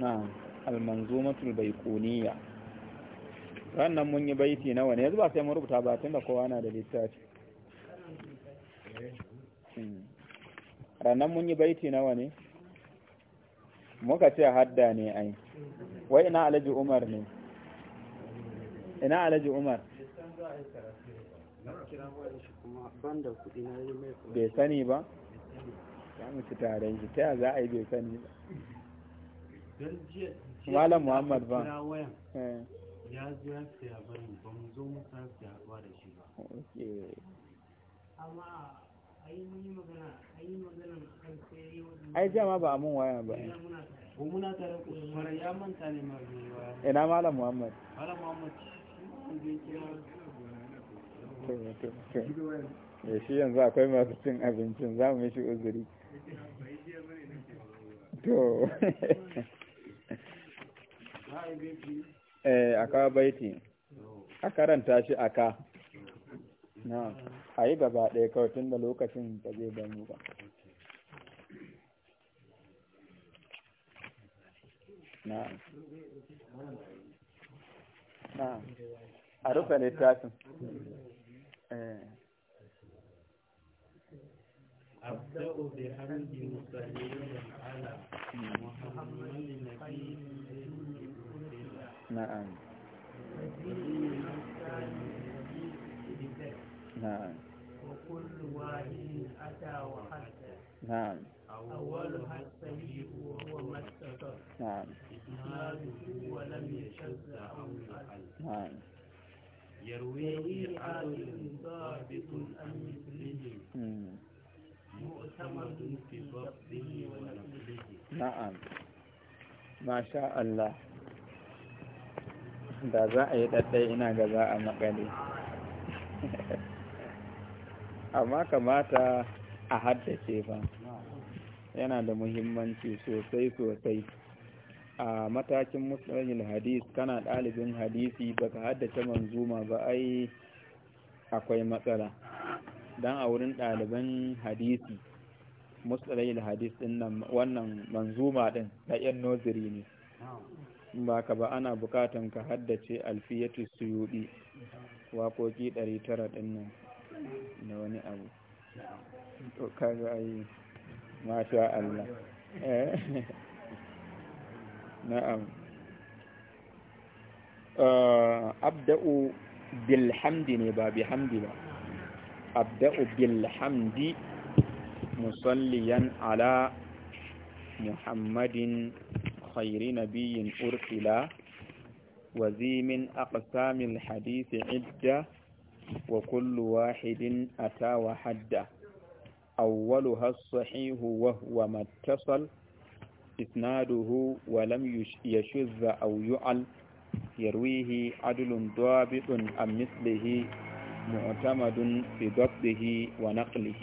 na almanzumatul baikuniya rannan mun yi baiti nawa ne yanzu ba sai mun rubuta ba tun da kowa na da littafi hmm. rannan mun yi baiti nawa ne muka ce hadda ne ai wai ina alaji umar ne ina alaji umar bai sani ba za mu tare shi ta za a yi bai sani ba malam muhammad ba eh. ya zo ya siya bane ba mu zo mu sa siya ba da shi ba amma ainihin magana ainihin magana kan sai ai jama ba mun waya ba ko muna tare ko mara ya manta ne ma waya ina malam muhammad malam muhammad ya eh, shi yanzu akwai masu cin abincin za mu yi shi uzuri to eh aka baiti a karanta shi aka na a yi gaba ɗaya da lokacin zai ba na na a rufe littafin أبدأ بحمد على محمد النبي na'am na'am na'am awwalu hasbi huwa mastata na'am na'am yarwi adun sabitun am mislihi mu'tamadun fi rabbihi wa nabihi na'am ma sha Allah da za a yi ɗaɗɗai ina ga za a maƙale. amma kamata a haddace ba, yana da muhimmanci sosai sosai a matakin musulmin hadis kana ɗalibin hadisi baka haddace manzuma ba ai akwai matsala don a wurin ɗaliban hadisi musulmin hadis ɗin wannan manzuma ɗin ɗayan noziri ne ba ka ba ana bukatan ka haddace alfiyatu suyudi waƙoƙi 900 ɗin nan da wani abu to kaga ai masha Allah eh? na'am eh, abda'u bilhamdi ne ba bihamdi ba abda'u bilhamdi musalliyan ala muhammadin خير نبي أرسل وذي من أقسام الحديث عدة وكل واحد أتى وحده أولها الصحيح وهو ما اتصل إسناده ولم يشذ أو يعل يرويه عدل ضابط أم مثله معتمد في ضبطه ونقله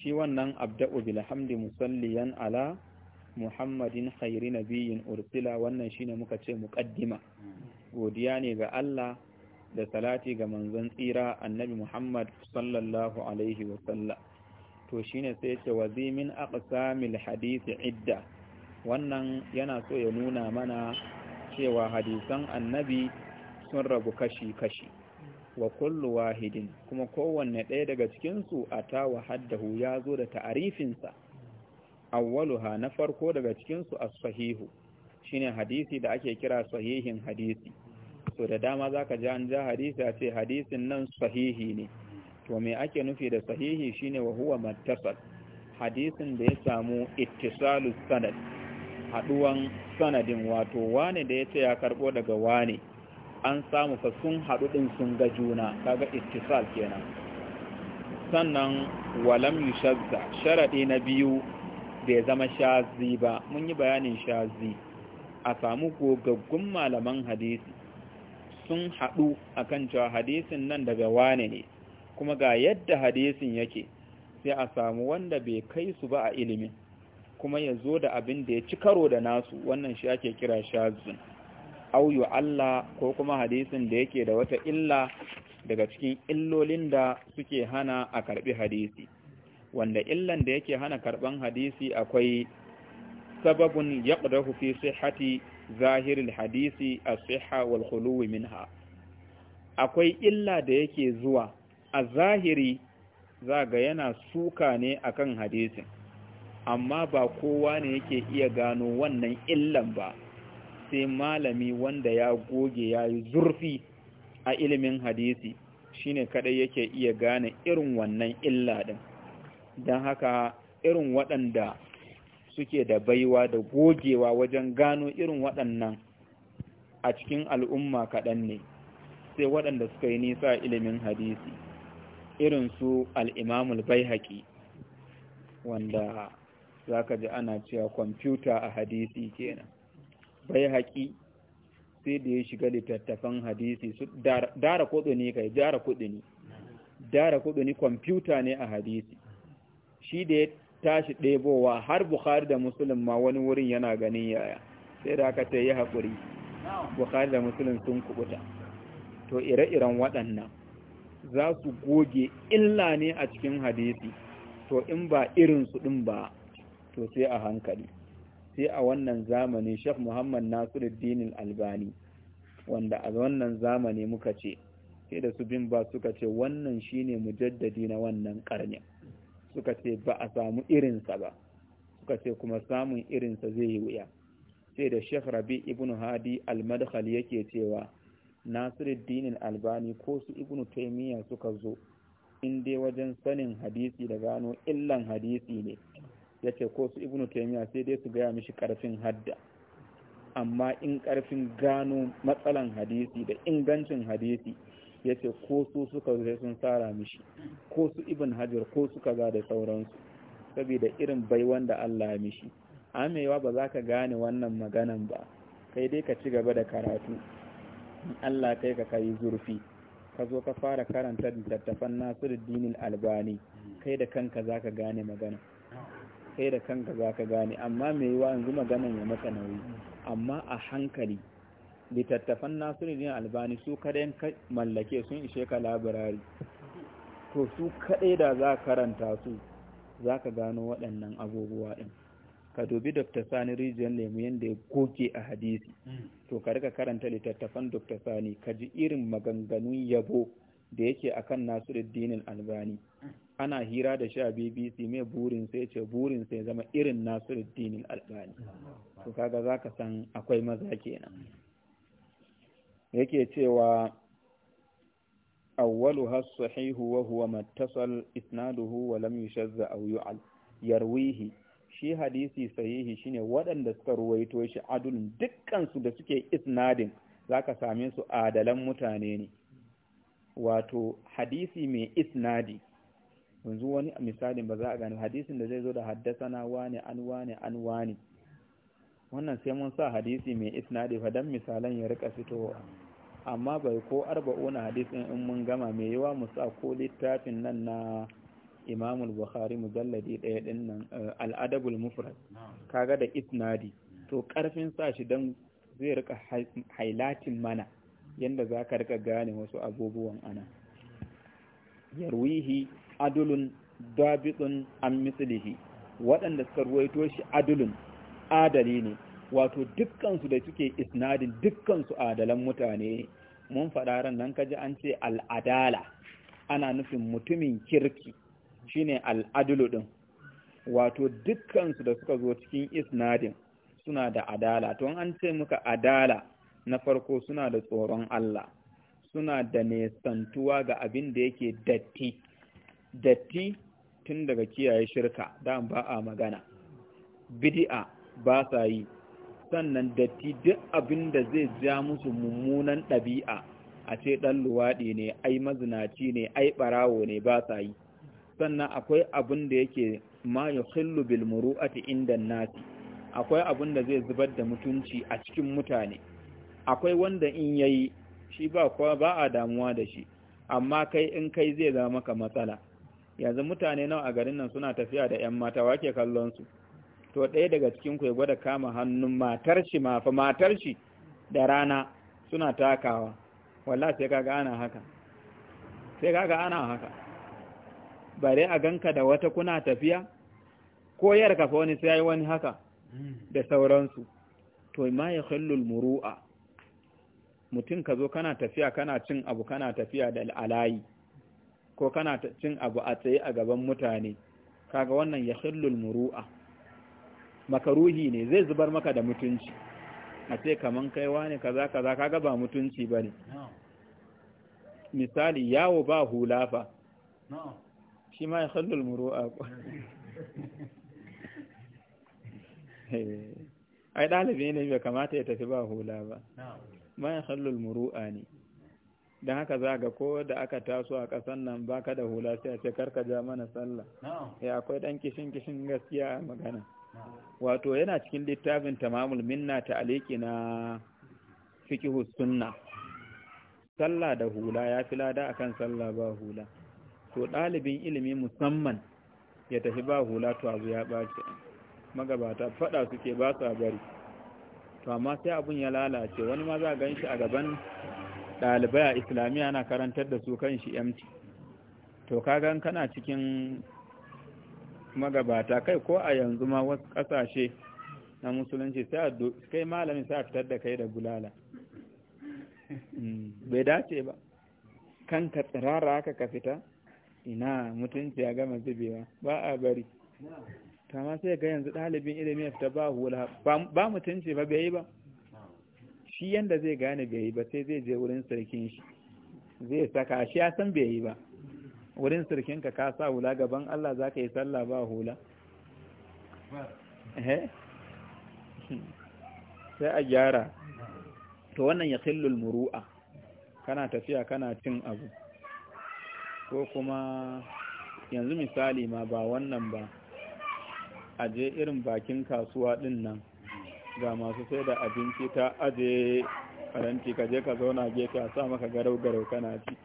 شيوانا أبدأ بالحمد مصليا على muhammadin khairi nabiyin ursila wannan shine muka ce muqaddima godiya ne ga Allah da salati ga manzon tsira annabi muhammad sallallahu alaihi wa sallam to shine sai ce wazimin aqsamil hadith idda wannan yana so ya nuna mana cewa hadisan annabi sun rabu kashi kashi wa kullu wahidin kuma kowanne ɗaya daga cikinsu a ta haddahu ya zo da ta'arifinsa awwaluha na farko daga cikinsu a sahihu shine hadisi da ake kira sahihin hadisi so da dama zaka ji an ja hadisi a ce hadisin nan sahihi ne to me ake nufi da sahihi shine wa huwa hadisin da ya samu Ittisalu sanad haduwan sanadin wato wane da ce ya karbo daga wane an samu fa sun hadu din sun ga juna kaga ittisal kenan sannan walam yushazza sharadi na biyu bai zama shazi ba mun yi bayanin shazi a samu gogaggun malaman hadisi sun haɗu a kan cewa hadisin nan daga wane ne kuma ga yadda hadisin yake sai a samu wanda bai kai su ba a ilimin kuma ya zo da abin da ya ci karo da nasu wannan shi ake kira shazin auyu Allah ko kuma hadisin da yake da wata illa daga cikin illolin da suke hana a karɓi hadisi wanda illan da yake hana karban hadisi akwai sababun yaqdahu fi sihhati zahiril hadisi as-sihha wal khuluwi minha akwai illa da yake zuwa a zahiri za ga yana suka ne akan hadisin amma ba kowa ne yake iya gano wannan illan ba sai malami wanda ya goge ya yi zurfi a ilimin hadisi shine kadai yake iya gane irin wannan illa din don haka irin waɗanda suke da baiwa da gogewa wajen gano irin waɗannan a cikin al'umma kaɗan ne sai waɗanda suka yi nisa ilimin hadisi irin su al'imamul bai haƙi wanda za ka ji ana cewa kwamfuta a hadisi kenan bai haƙi sai da ya shiga littattafan hadisi su dara kudu ne kai dara kudu ne dara kudu ne kwamfuta ne a hadisi shi da ya tashi ɗebowa har bukhari da musulun ma wani wurin yana ganin yaya sai da aka ta yi haƙuri bukhari da musulun sun kubuta to ire-iren waɗannan za su goge illa ne a cikin hadisi to in ba irinsu ɗin ba to sai a hankali sai a wannan zamani shek muhammad nasiruddin albani wanda a wannan zamani muka ce sai da su bin ba suka ce wannan shine mujaddadi na wannan ƙarni suka ce ba a samu irinsa ba suka ce kuma samun irinsa zai yi wuya sai da Sheikh Rabi ibn Hadi al-Madkhal yake cewa Nasiruddin Albani ko su Ibn Taimiyya suka zo in dai wajen sanin hadisi da gano illan hadisi ne yace ko su Ibn Taimiyya sai dai su gaya mishi karfin hadda amma in karfin gano matsalan hadisi da ingancin hadisi yace ce ko su suka zai sun tsara mishi ko su ibn hajar ko su kaza da sauransu saboda irin baiwan da Allah ya mishi amewa ba za ka gane wannan maganan ba kai dai ka ci gaba da karatu Allah kai ka kai zurfi ka zo ka fara karanta littattafan Nasiruddin Albani kai da kanka za ka gane magana kai da kanka za ka gane amma mai yiwa yanzu maganan ya maka nauyi amma a hankali Litattafan nasiruddin albani su kadai mallake sun ishe ka labirari to su kaɗai da za karanta su za ka gano waɗannan abubuwa ɗin ka dubi dr sani rijiyar lemu yadda ya goge a hadisi mm. to ka rika karanta litattafan dr sani ka ji irin maganganun yabo da yake a kan nasiruddin albani mm. ana hira da shi a bbc mai burin sai ce burin sai zama irin nasiruddin albani mm. to kaga za ka san akwai maza kenan yake cewa awwalu as-sahihu wa huwa mattasal isnaduhu wa lam yushazza aw yu'al yarwihi shi hadisi sahihi shine waɗanda suka ruwaito shi adulun dukkan su da suke isnadin zaka same su adalan mutane ne wato hadisi mai isnadi yanzu wani misalin ba za a gani hadisin da zai zo da haddasana wani an wani an wani wannan sai mun sa hadisi mai isnadi fa dan misalan ya rika fitowa amma bai ko arba'una hadisin in mun gama mai yawa mu sa ko littafin nan na imamul bukhari mujalladi ɗaya din nan eh, al'adabul mufrad kaga da isnadi to karfin sa shi dan zai rika hailatin mana yanda za ka rika gane wasu abubuwan ana yarwihi adulun dabitun an mislihi waɗanda suka ruwaito shi adulun adali ne wato dukkansu da suke isnadin dukkansu adalan mutane mun faɗa ran nan kaji an ce al'adala ana nufin mutumin kirki shine al'adulu ɗin. wato dukkansu da suka zo cikin isnadin suna da adala to an ce muka adala na farko suna da tsoron Allah suna da nesantuwa ga abin da yake datti datti tun daga kiyaye shirka dan ba a magana bid'a ba sa yi sannan datti duk abin da zai ja musu mummunan ɗabi'a a ce ɗan luwaɗi ne ai mazinaci ne ai ɓarawo ne ba sa yi sannan akwai abin da yake ma bilmuru a muru'ati inda nasi akwai abin da zai zubar da mutunci a cikin mutane akwai wanda in yi. shi ba kuwa ba a damuwa da shi amma kai in kai zai zama maka matsala yanzu mutane nawa a garin nan suna tafiya da 'yan mata wake kallon su to ɗaya daga cikin ku ya gwada kama hannun matar shi ma matar shi da rana suna takawa walla sai kaga ana haka sai kaga ana haka bare a ganka da wata kuna tafiya ko ka fa wani sai wani haka da sauransu to ma ya khallul muru'a mutum ka zo kana tafiya kana cin abu kana tafiya da alayi ko kana cin abu a tsaye a gaban mutane kaga wannan ya khallul muru'a makaruhi ne zai zubar maka da mutunci a ce kaman kaiwa ne kaza kaza kaga ba mutunci ba misali yawo ba hula fa shi ma ya hallul muru'a eh, ai ɗalibi ne bai kamata ya tafi ba hula ba ma ya muru'a ne don haka za ga ko da aka taso a ƙasar nan baka da hula sai a ce karka ja mana sallah ya eh, akwai ɗan kishin kishin gaskiya a magana wato yana cikin littafin tamamul minna ta aliki na fikihu sunna sallah da hula ya fi lada akan sallah ba hula to ɗalibin ilimi musamman ya tafi ba hula to abu ya ɓace magabata faɗa suke ba su bari to amma sai abun ya lalace wani ma za gan shi a gaban ɗalibai a islamiyya na karantar da su kan shi yamci to kagan kana cikin magabata kai ko a yanzu ma wasu kasashe na musulunci sai kai malamin sai a fitar da kai da gulala hmm, bai dace ba kan ka tsirara haka ka fita ina mutunci ya gama zubewa ba a bari kama sai ga yanzu ɗalibin ilimin ya fita ba hula ba mutunci ba bai yi ba shi yanda zai gane bai yi ba sai zai je wurin sarkin shi zai saka shi ya san bai yi ba wurin sirkinka ka sa hula gaban Allah za ka yi sallah ba hula eh? sai a gyara to wannan ya khillul muru'a kana tafiya kana cin abu ko kuma yanzu misali ma ba wannan ba a je irin bakin kasuwa din nan ga masu sai da abinci ta aje karanti ka je ka zauna gefe a sa maka garau-garau kana ci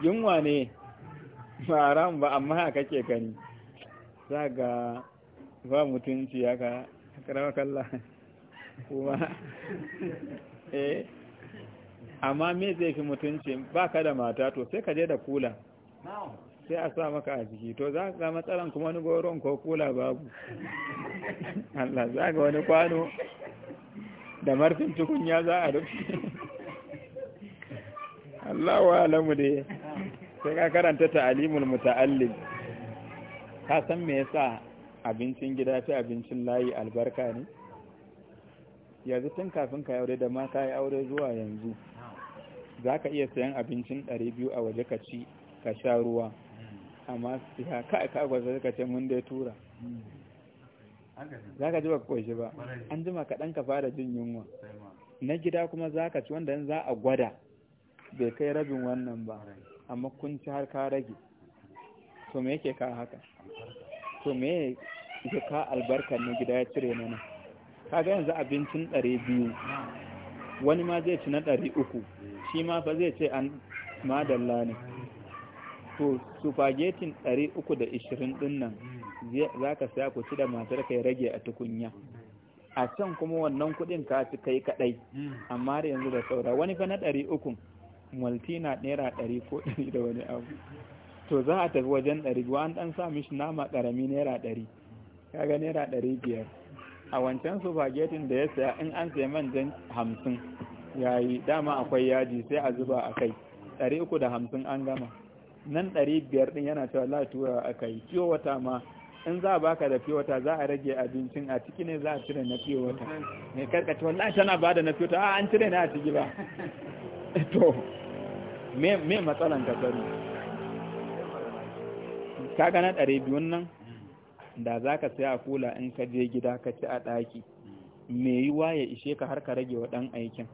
yunwa ne ba haram ba amma haka ke gani za ga ba mutunci haka karawa kalla kuma eh amma me zai fi mutunci ba ka da mata to sai ka je da kula sai a sa maka a jiki to za ka matsalan kuma wani goron ko kula babu Allah za ga wani kwano da marfin tukunya za a rufe Allah wa alamu dai. sai ka karanta ta'alimul muta'allim ka san me yasa abincin gida fi abincin layi albarka ne yanzu tun kafin ka aure da mata ya aure zuwa yanzu za ka iya sayan abincin 200 a waje ka ci ka sha ruwa amma ya kai ka gwaza ka ce mun dai tura za ka ji ba ka ba an jima kaɗan ka fara jin yunwa na gida kuma za ka ci wanda za a gwada bai kai rabin wannan ba amma kun ci har ka rage to me yake ka haka to me yake ka albarkar na gida ya cire mana ka ga yanzu abincin ɗari biyu wani ma zai ci na ɗari uku shi ma fa zai ce an madalla ne to supagetin ɗari uku da ishirin ɗin nan za ka saya ku ci da matar kai rage a tukunya a can kuma wannan kuɗin ka ci kai kaɗai hmm. amma yanzu da saura wani fa na ɗari uku. maltina naira ɗari ko ɗari da wani abu to za a tafi wajen ɗari wa an ɗan sa mishi nama ƙarami naira ɗari kaga naira ɗari biyar a wancan sufagetin da ya saya in an saya manjan hamsin yayi dama akwai yaji sai a zuba a kai ɗari uku da hamsin an gama nan ɗari biyar ɗin yana cewa la tura a kai fiye wata ma in za a baka da fiye wata za a rage abincin a ciki ne za a cire na fiye wata ne karkace wallahi tana bada na fiye wata a an cire na a ciki ba to me matsalan ka sani ka gana ɗare biyun nan da za ka saya a kula in ka je gida ka ci a ɗaki mai yiwa ya ishe ka har ka rage wa ɗan aikin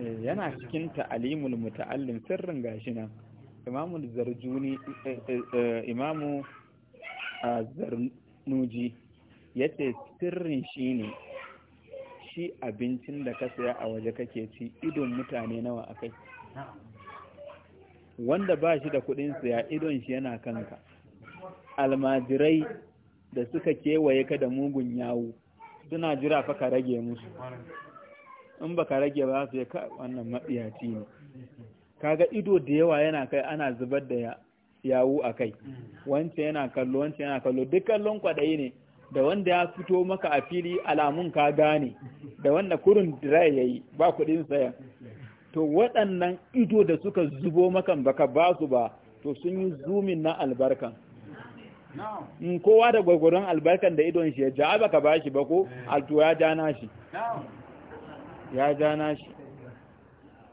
eh, yana cikin ta'alimul muta'allim sirrin gashi nan eh, eh, imamu zarjuni ah, imamu zarnuji yace sirrin ne. ci abincin da ka saya a waje kake ci idon mutane nawa akai wanda ba shi da kudin saya idon shi yana kanka almajirai da suka kewaye ka da mugun yawo suna jira fa ka rage musu in ba ka rage ba su ka wannan matsiyaci ne kaga ido da yawa yana kai ana zubar da yawo a kai wance yana kallo wance yana kallo duk kallon kwaɗayi ne da wanda ya fito maka a fili alamun ka gane da wanda kurin dirai ya yi ba kudin saya to waɗannan ido da suka zubo maka baka ba su ba to sun yi zumin na albarkan in kowa da gwagwaron albarkan da idon shi ya ja baka ba shi ba ko eh. alto ya ja shi ya ja nashi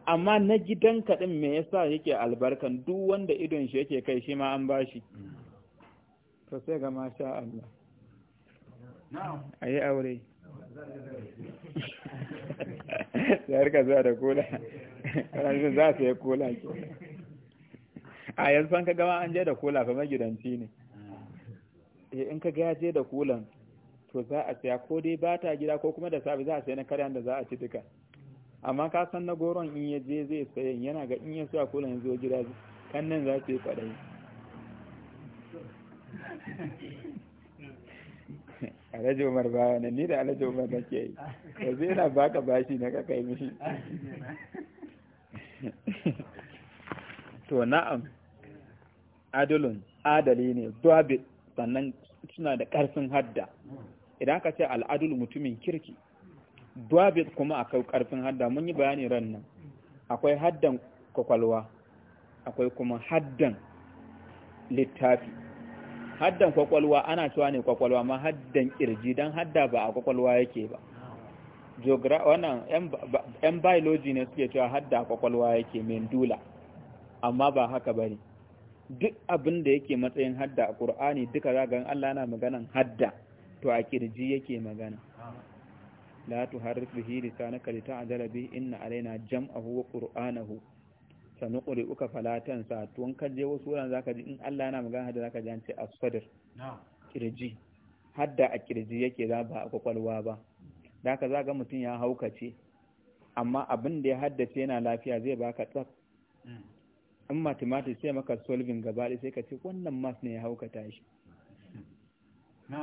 amma na gidan kaɗin me yasa yake albarkan duk wanda idon shi yake kai shi ma an ba shi hmm. to sai ga masha Allah a yi aure ya rika zuwa da kula ƙarashin za su yi kola a yanzu an ka gama an je da kola fa magidanci ne eh, in ka je da kulan to za a saya ko dai ba ta gida ko kuma da sabi za a saya na karyar da za a ci duka amma ka san na goron in ya je zai saya yana ga in ya suwa a ya zo gida kan nan za su yi kwadayi alhaji umar ba wani ni da alhaji umar na ke yi zai yana baka bashi na kakai mishi to na'am adalun adali ne dobit sannan suna da ƙarfin hadda idan ka ce al'adul mutumin kirki dobit kuma akwai ƙarfin hadda mun yi bayani ran nan akwai haddan kwakwalwa akwai kuma haddan littafi haddan kwakwalwa ana cewa ne kwakwalwa ma haddan kirji don hadda ba a kwakwalwa yake ba wannan yan biology ne suke cewa hadda kwakwalwa yake mendula amma ba haka ba ne duk abin da yake matsayin hadda a ƙur'ani duka zagan allah na maganan hadda to a kirji yake magana la tu bihi hiri ta na kalita a inna alaina jam'ahu wa qur'anahu sanu ƙuri uka falatan sa tuwon kaje wasu wuran zaka ji in Allah yana magana da zaka ji an ce asfadir kirji hadda a kirji yake za ba a kwakwalwa ba da haka ga mutum ya haukace amma abin da ya haddace yana lafiya zai baka tsaf hmm. in mathematics sai maka solving gaba sai ka ce wannan math ne ya haukata shi hmm.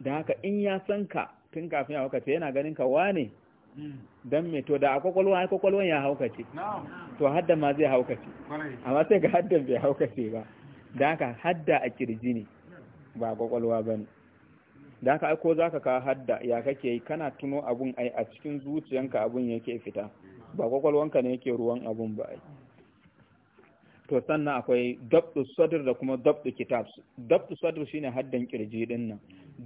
da haka in ya san ka tun kafin ya haukata yana ganin ka wane don me to da a ai kwakwalwan ya haukace to hadda ma zai haukace amma sai ga hadda bai haukace ba da haka hadda a kirji ne ba kwakwalwa ba ne da haka ko za ka kawo hadda ya kake yi kana tuno abun ai a cikin zuciyanka abun yake fita ba kwakwalwanka ne yake ruwan abun ba ai to sannan akwai dabdu sadr da kuma dabdu kitab dabdu sadr shine haddan kirji din nan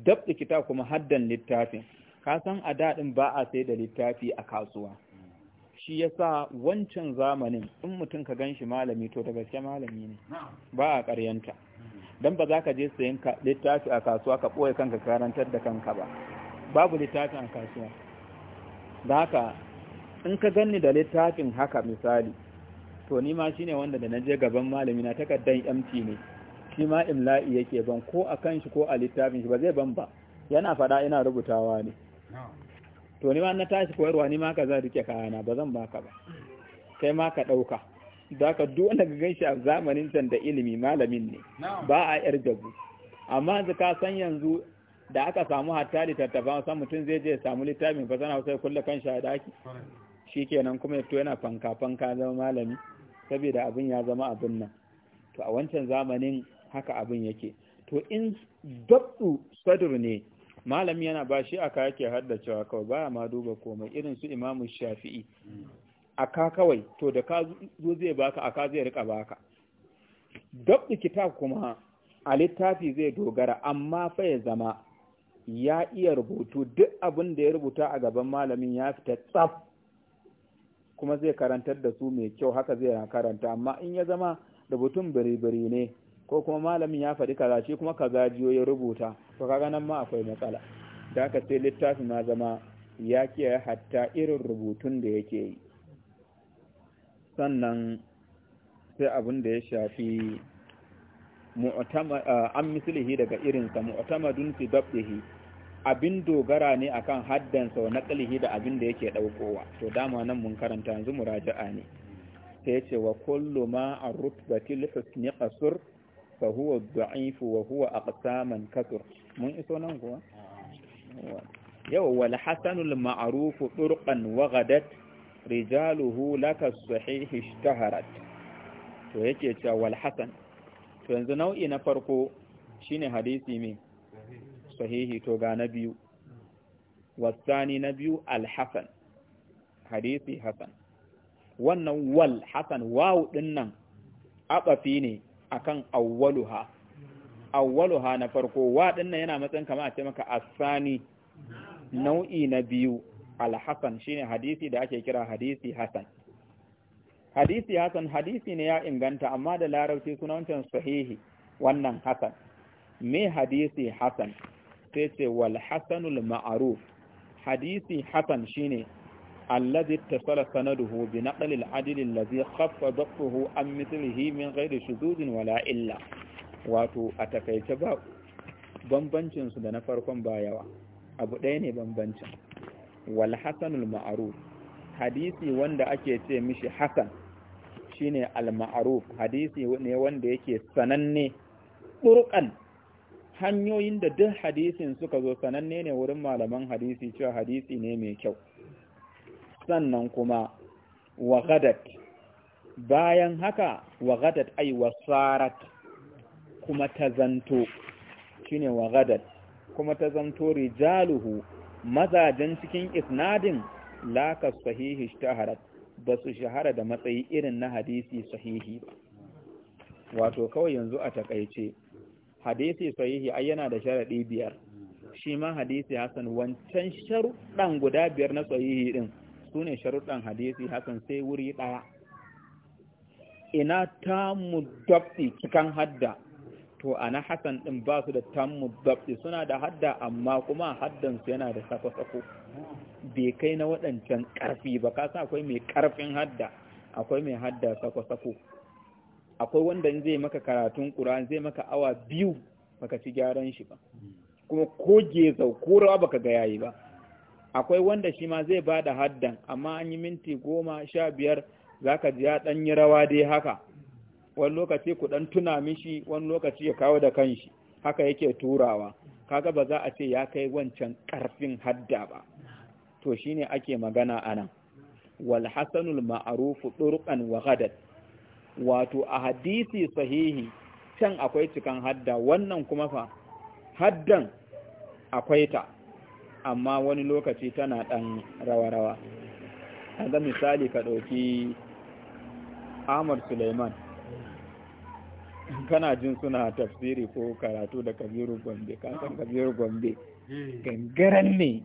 dabdu kitab kuma haddan littafin ka san a daɗin ba a sai da littafi a kasuwa shi yasa wancan zamanin in mutum ka gan shi malami to daga shi malami ne ba a ƙaryanta don ba za ka je sayan littafi a kasuwa ka ɓoye kanka karantar da kanka ba babu littafin a kasuwa da haka in ka ganni da littafin haka misali to ni ma shine wanda da na je gaban malami na takardan MT ne shi ma imla'i yake ban ko a kanshi ko a littafin shi ba zai ban ba yana faɗa ina rubutawa ne to ni ma na tashi koyarwa ni ma ka za rike kayana ba zan baka ba kai ma ka ɗauka da ka duk wanda ka ganshi a zamanin can da ilimi malamin ne ba a yar jabu amma da ka san yanzu da aka samu hatta littattafa san mutum zai je samu littafin fa sana sai kulle kan a daki shikenan kuma to yana fanka fanka zama malami saboda abin ya zama abin nan to a wancan zamanin haka abin yake to in dabdu sadur ne malami yana ba shi aka yake haddacewa kawai baya ma duba komai irin su imamu shafi'i aka kawai to da ka zo zai baka aka zai rika baka dabda kitab kuma a littafi zai dogara amma fa ya zama ya iya rubutu duk abin da ya rubuta a gaban malamin ya fita tsaf kuma zai karantar da su mai kyau haka zai karanta amma in ya zama rubutun biri-biri ne ko kuma malamin ya faɗi kaza shi kuma kaza jiyo ya rubuta to kaga nan ma akwai matsala da aka sai littafin ma zama ya kiyaye hatta irin rubutun da yake yi sannan sai abin da ya shafi ah, an mislihi daga irinsa mu'tamadun fi dabdihi abin dogara ne akan haddansa na naqlihi da abin da yake daukowa to dama nan mun karanta yanzu muraja'a ne sai ce wa kullu ma ar-rutbatil husni qasr فهو الضعيف وهو أقساما كثر من إسونا هو يو ولحسن المعروف طرقا وغدت رجاله لك الصحيح اشتهرت ويكيش والحسن فانزنو إنا فرقو شين حديثي مين صحيح توقع نبيو والثاني نبيو الحسن حديثي حسن وانا والحسن واو إنا أقفيني akan awwaluha awwaluha na farko wa dinnan yana matsayin kamar a ce maka asani nau'i na biyu al al-hasan shine hadisi da ake kira hadisi hasan hadisi hasan hadisi ne ya inganta amma da larabci suna wancan sahihi wannan hasan me hadisi hasan sai ce wal hasanul ma'ruf hadisi hasan shine alladhi ittasala sanaduhu bi naqli al-adl alladhi khaffa dhafuhu an mithlihi min ghairi shuzuzin wala illa wato a takaice ba bambancin su da na farkon ba yawa abu ɗaya ne bambancin wal ma'ruf hadisi wanda ake ce mishi hasan shine al-ma'ruf hadisi ne wanda yake sananne turqan hanyoyin da duk hadisin suka zo sananne ne wurin malaman hadisi cewa hadisi ne mai kyau sannan kuma wa gadat bayan haka wa gadat ai kuma ta zanto shine wa gadat kuma ta zanto rijaluhu mazajen cikin isnadin la ka sahihi shaharat ba su shahara da matsayi irin na hadisi sahihi ba wato kawai yanzu a takaice hadisi sahihi ai yana da sharadi biyar shi ma hadisi hasan wancan sharuɗan guda biyar na sahihi din su ne sharuɗan hadisi hakan sai wuri ɗaya ina tamu dabti cikan hadda to ana hasan ɗin ba su da tamu dabti suna da hadda amma kuma haddansu yana da sako-sako bai kai na waɗancan ƙarfi ba kasa akwai mai ƙarfin hadda akwai mai hadda sako-sako akwai wanda zai maka karatun ƙura zai maka awa biyu baka ci gyaran shi ba kuma ko gezau ko rawa baka ga yayi ba akwai wanda shi ma zai bada haddan amma an yi minti goma sha biyar za ka ji ya ɗan yi rawa dai haka wani lokaci ku ɗan tuna mishi wani lokaci ya kawo da kanshi haka yake turawa kaga ba za a ce ya kai wancan ƙarfin hadda ba to shine ake magana anan wal hasanul ma'arufu ɗurɓan wa wato a hadisi sahihi can akwai cikan hadda wannan kuma fa haddan akwai ta amma wani lokaci tana ɗan rawa-rawa ga misali ka ɗauki Ahmad Suleiman kana jin suna tafsiri ko karatu da kabiru gombe kasan kabiru gombe eh. gangaren ne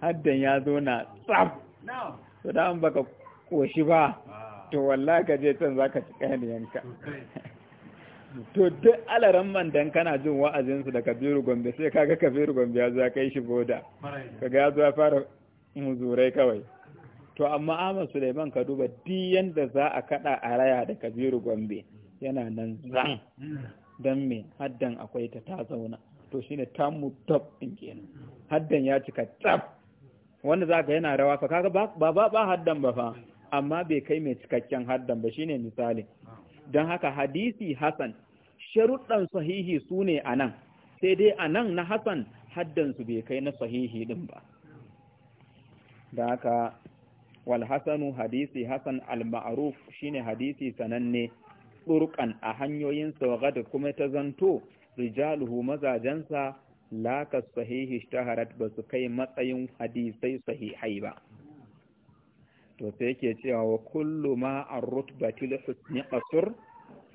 haddan ya zo na tsaf to da an baka koshi ba ah. to walla ka je can zaka ci yanka to duk alaran man dan kana jin wa'azinsu da kabiru gombe sai kaga kabiru gombe ya zo ya kai shi boda kaga ya zo ya fara muzurai kawai to amma Ahmad Suleiman ka duba di yanda za a kada a raya da Kabiru Gombe yana nan zan dan me haddan akwai ta ta zauna to shine tamu top din kenan haddan ya cika tsaf wanda zaka yana rawa fa kaga ba ba ba haddan ba fa amma bai kai mai cikakken haddan ba shine misali don haka hadisi hasan sharuɗan sahihi su ne a nan sai dai a nan na hasan haddansu bai kai na sahihi ɗin ba da haka walhassanu hadisi hasan al-ma'ruf shine hadisi sananne ɗurƙan a hanyoyin sauka da kuma ta zanto rijaluhu mazajensa lakas sahihi shaharat ba su kai matsayin hadisai sahihai ba to sai yake cewa wa kullu ma ar til husni qasr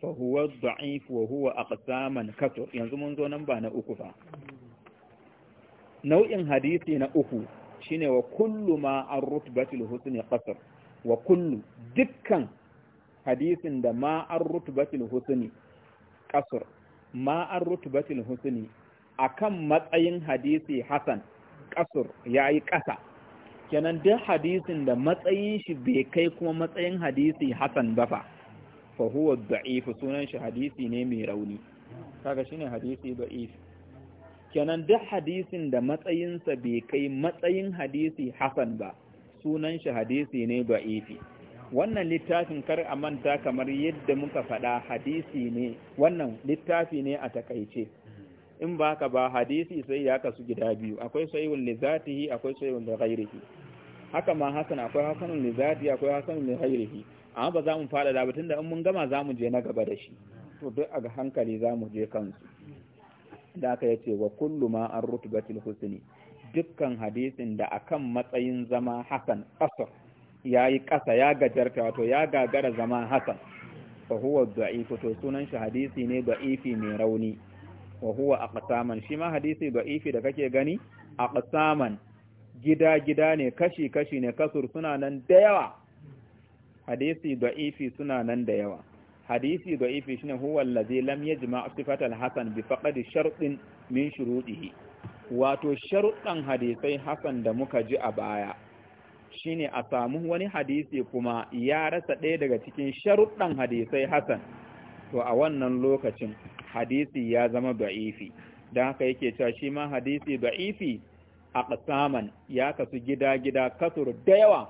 fa huwa daif wa huwa aqsaman katur yanzu mun zo nan ba na uku fa nau'in hadisi na uku shine wa kullu ma ar til husni qasr wa kullu dukkan hadisin da ma ar til husni qasr ma ar til husni akan matsayin hadisi hasan qasr yayi kasa kenan duk hadisin da matsayin shi bai kai kuma matsayin hadisi hasan ba fa fa huwa da'if sunan shi hadisi ne mai rauni kaga shine hadisi da'if kenan duk hadisin da matsayin sa bai kai matsayin hadisi hasan ba sunan shi hadisi ne da'if wannan littafin kar a manta kamar yadda muka faɗa hadisi ne wannan littafi ne a takaice in ba ka ba hadisi sai ya kasu gida biyu akwai sayun li akwai sayun li ghairihi haka ma hasan akwai hasanun li zati akwai hasanun mai ghairihi amma ba za mu fada da batun da in mun gama za mu je na gaba da shi to duk a hankali za mu je kansu da aka yace wa kullu ma an rutbatil husni dukkan hadisin da akan matsayin zama hasan asar yayi ƙasa ya gajarta wato ya gagara zama hasan fa huwa da'if to sunan shi hadisi ne da'ifi mai rauni wa huwa aqsaman shi ma hadisi da'ifi da kake gani aqsaman gida-gida ne kashi-kashi ne kasur suna nan da yawa hadisi da ifi suna nan da yawa hadisi da ifi shine huwa allazi lam yajma Hassan hasan bi faqad shartin min shurutihi wato sharuɗan hadisai hasan da muka ji a baya shine a samu wani hadisi kuma ya rasa ɗaya daga cikin sharuɗan hadisai hasan to a wannan lokacin hadisi ya zama da'ifi don haka yake cewa shi ma hadisi da'ifi aqsaman ya kasu gida-gida kasur da yawa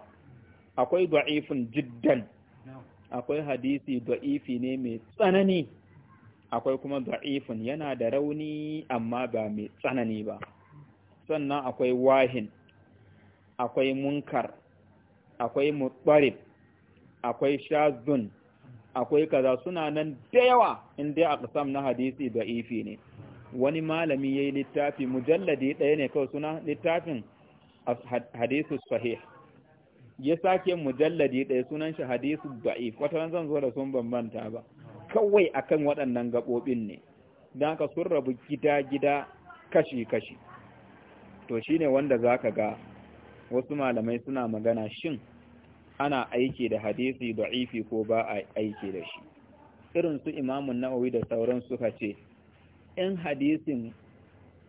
akwai da'ifin jiddan akwai hadisi da'ifi ne mai tsanani akwai kuma da'ifin yana da rauni amma ba mai tsanani ba sannan akwai wahin akwai munkar akwai mutsarib akwai shazun akwai kaza suna nan da yawa inda aqsam na hadisi da'ifi ne wani malami ya yi littafi mujalladi ɗaya ne kawai suna littafin hadisu sahih ya sake mujalladi ɗaya sunan shi hadisu da'if wata zan zo da sun bambanta ba kawai akan waɗannan gaɓoɓin ne don ka sun rabu gida-gida kashi-kashi to shi ne wanda za ka ga wasu malamai suna magana shin ana aiki da hadisi da'ifi ko ba a aiki da shi irin su imamun na'awi da sauran suka ce in hadisin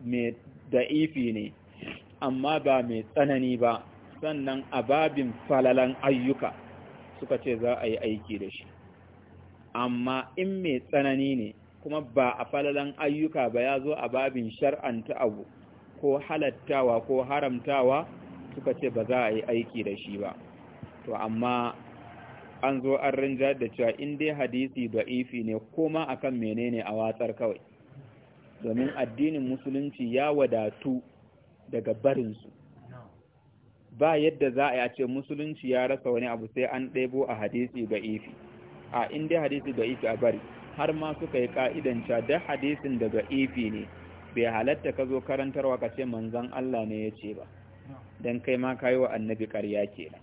mai da'ifi ne amma ba mai tsanani ba sannan a babin falalan ayyuka suka ce za a yi aiki da shi amma in mai tsanani ne kuma ba a falalan ayyuka ba ya zo a babin shar'anta abu ko halattawa ko haramtawa suka ce ba za a yi aiki da shi ba to amma an zo an rinjar da cewa in dai hadisi da'ifi ne kuma akan menene a watsar kawai domin addinin musulunci ya wadatu daga barinsu ba yadda za a ce musulunci ya rasa wani abu sai an ɗebo a hadisi ga ifi a inda hadisi ga ifi a bari har ma suka yi ka'idanta da hadisin daga ifi ne bai halatta ka zo karantarwa ka ce manzan Allah ne ya ce ba don kai ma kayi wa annabi ƙarya nan.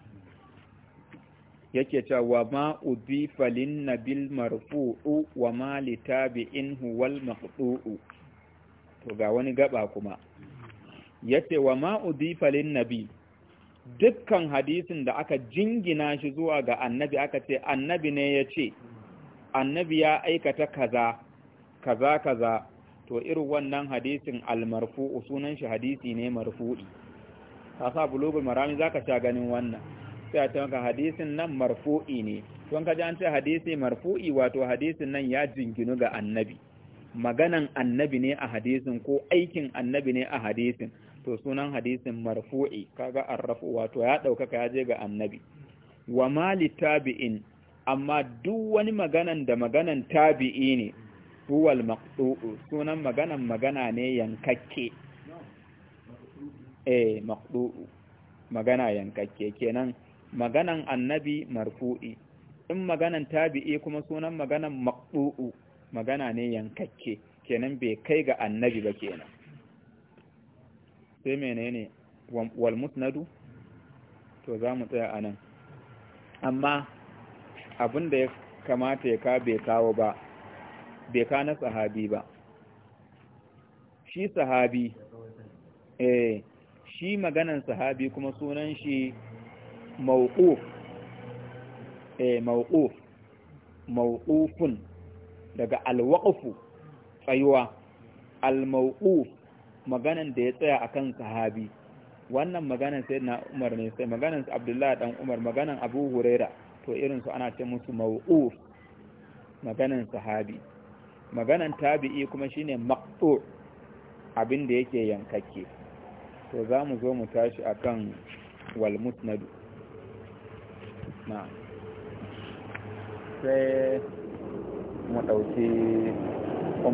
yake cewa ma ubi falin nabil marfu'u wa ma litabi'in huwal maqdu'u to ga wani gaba kuma yace wa ma udi Falin nabi dukkan hadisin da aka jingina shi zuwa ga annabi aka ce annabi ne ya ce annabi ya aikata kaza kaza kaza to irin wannan hadisin almarfu sunan shi hadisi ne marfu'i ka sa bulugul marami zaka sha ganin wannan sai a ce maka hadisin nan marfu'i ne don ka ji an ce hadisi marfu'i wato hadisin nan ya jinginu ga annabi maganan annabi ne a hadisin ko aikin annabi ne a hadisin to sunan hadisin marfu'i kaga arrafu wato ya ɗaukaka ya je ga annabi wa mali tabi'in amma duk wani maganan da maganan tabi'i ne huwal maqtu'u sunan maganan magana ne yankakke eh maqtu'u magana yankakke kenan maganan annabi marfu'i in maganan tabi'i kuma sunan maganan maqtu'u magana ne yankakke kenan bai kai ga annabi ba kenan sai menene wal musnadu to za mu tsaya anan amma abinda ya kamata ya ka bai kawo ba bai ka na sahabi ba shi sahabi eh shi maganan sahabi kuma sunan shi mawquf eh mawquf mawqufun daga alwaƙufu tsayuwa almauƙuf maganan da ya tsaya akan sahabi wannan maganan sai na umar ne sai maganan abdullahi dan umar maganan abu huraira to irinsu ana ce musu mauƙuf maganan sahabi maganan tabi'i kuma shine maqtu abin da yake yankakke to za mu zo mu tashi akan wal musnad na sai mu ɗauki